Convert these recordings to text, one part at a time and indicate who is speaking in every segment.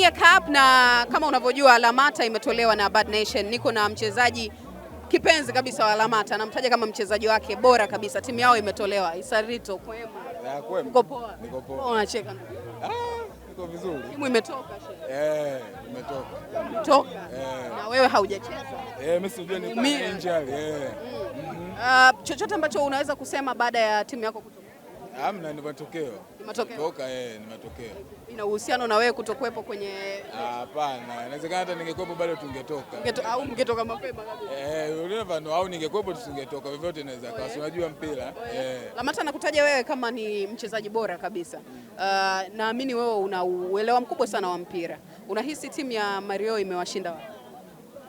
Speaker 1: Samia Cup, na kama unavyojua Alamata imetolewa na Bad Nation. Niko na mchezaji kipenzi kabisa wa Alamata, namtaja kama mchezaji wake bora kabisa, timu yao imetolewa. Isarito kwema, niko poa, niko poa. Unacheka?
Speaker 2: Ah, niko vizuri.
Speaker 1: Timu imetoka shehe.
Speaker 2: eh, imetoka
Speaker 1: imetoka eh. Na wewe haujacheza
Speaker 2: eh? Mimi sijui ni nje yale eh. Mm.
Speaker 1: Ah, chochote ambacho unaweza kusema baada ya timu yako kutoka
Speaker 2: Amna, ni matokeo. Ni matokeo. Toka yeye eh, ni matokeo.
Speaker 1: Ina uhusiano na wewe kutokuwepo kwenye
Speaker 2: Hapana. Inawezekana hata ningekuwepo bado tungetoka.
Speaker 1: Ungeto, au mngetoka mapema kabisa.
Speaker 2: Eh, unaona no, au ningekuwepo tusingetoka. Vyovyote inaweza kwa sababu unajua mpira. Eh.
Speaker 1: Lamata nakutaja wewe kama ni mchezaji bora kabisa. Uh, naamini wewe una uelewa mkubwa sana wa mpira. Unahisi timu ya Mario imewashinda wapi?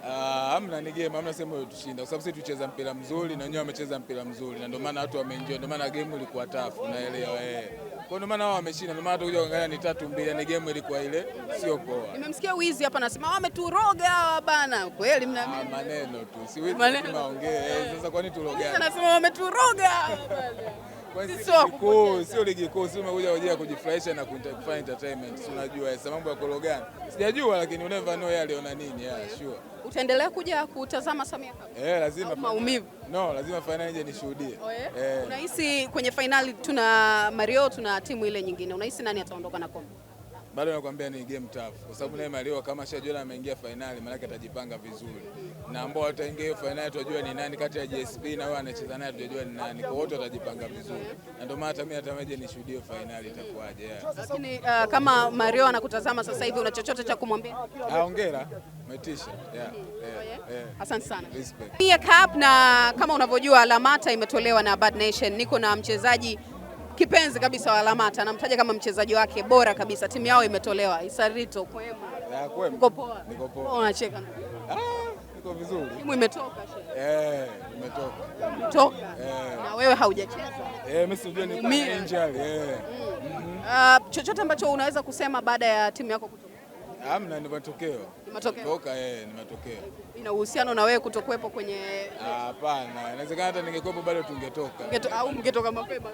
Speaker 2: Ah, hamna ni game, hamna sehemu tushinda, kwa sababu sisi tucheza mpira mzuri na wenyewe wamecheza mpira mzuri, na ndio maana watu wameenjoy, ndio maana game ilikuwa tafu, naelewa eh. Kwa ndio maana wao wameshinda, ndio maana tukuja kuangalia ni tatu mbili, ni game ilikuwa ile sio poa.
Speaker 1: Nimemsikia wizi hapa anasema wameturoga hawa bana, kweli mna
Speaker 2: ah, maneno tu, si wizi tunaongea eh, sasa, kwani turoga?
Speaker 1: Anasema wameturoga
Speaker 2: sio ligi kuu, sio umekuja ujia kujifurahisha na kufanya entertainment. Unajua sasa mambo ya korogani sijajua, lakini you never know yale ona nini. Yeah, sure.
Speaker 1: Utaendelea kuja kutazama Samia Cup?
Speaker 2: Eh, lazima maumivu. No, lazima finali nje nishuhudie.
Speaker 1: Oh, eh. Unahisi kwenye finali tuna Mario tuna timu ile nyingine, unahisi nani ataondoka na kombe?
Speaker 2: bado nakwambia ni game tough, kwa sababu naye Mario kama shajiona ameingia fainali, maana atajipanga vizuri, na ambao wataingia hiyo fainali tunajua ni nani kati ya JSP na wao anacheza naye, tunajua ni nani, kwa wote watajipanga vizuri, na ndio maana hata mimi natamaje nishuhudie fainali itakuwaje.
Speaker 1: Lakini uh, kama Mario anakutazama sasa hivi, una chochote cha kumwambia?
Speaker 2: Ah, hongera, umetisha. yeah, yeah, yeah. Asante sana. Respect.
Speaker 1: Cup na kama unavyojua Lamata imetolewa na Bad Nation, niko na mchezaji kipenzi kabisa wa Lamata, anamtaja kama mchezaji wake bora kabisa. Timu yao imetolewa Isarito kwema. Niko poa. Unacheka.
Speaker 2: Ah, niko vizuri.
Speaker 1: Timu imetoka shehe.
Speaker 2: eh, imetoka.
Speaker 1: Imetoka. Eh. Na wewe haujacheza.
Speaker 2: Eh, mimi sijui ni kwa injury. Eh.
Speaker 1: Mm. Ah, Chochote ambacho unaweza kusema baada ya timu yako kutoka?
Speaker 2: Hamna, ni matokeo. Ni matokeo. Toka eh, ni matokeo.
Speaker 1: Ina uhusiano na wewe kutokuwepo kwenye?
Speaker 2: Hapana, inawezekana hata ningekuwepo bado tungetoka.
Speaker 1: Au mngetoka mapema.